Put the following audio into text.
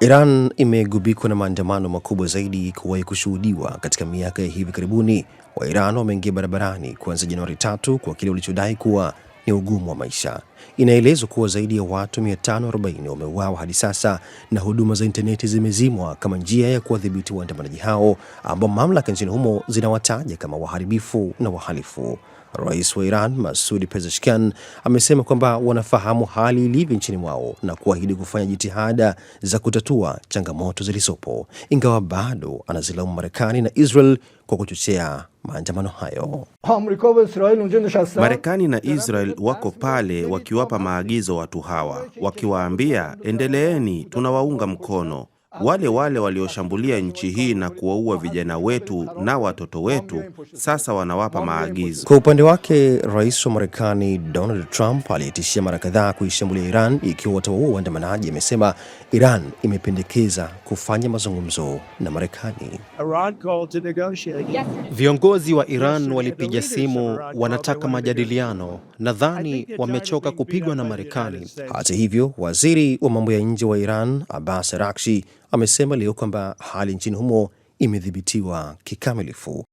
Iran imegubikwa na maandamano makubwa zaidi kuwahi kushuhudiwa katika miaka ya hivi karibuni. Wairan wameingia barabarani kuanzia Januari tatu kwa kile walichodai kuwa ni ugumu wa maisha. Inaelezwa kuwa zaidi ya watu 540 wameuawa hadi sasa na huduma za intaneti zimezimwa kama njia ya kuwadhibiti waandamanaji hao ambao mamlaka nchini humo zinawataja kama waharibifu na wahalifu. Rais wa Iran Masudi Pezeshkian amesema kwamba wanafahamu hali ilivyo nchini mwao na kuahidi kufanya jitihada za kutatua changamoto zilizopo, ingawa bado anazilaumu Marekani na Israel kwa kuchochea maandamano hayo. Marekani na Israel wako pale akiwapa maagizo watu hawa, wakiwaambia endeleeni, tunawaunga mkono wale wale walioshambulia nchi hii na kuwaua vijana wetu na watoto wetu sasa wanawapa maagizo. Kwa upande wake, rais wa Marekani Donald Trump aliyetishia mara kadhaa kuishambulia Iran ikiwa watawaua waandamanaji, amesema Iran imependekeza kufanya mazungumzo na Marekani. Viongozi wa Iran walipiga simu, wanataka majadiliano. Nadhani wamechoka kupigwa na Marekani. Hata hivyo, waziri wa mambo ya nje wa Iran Abbas Araghchi amesema leo kwamba hali nchini humo imedhibitiwa kikamilifu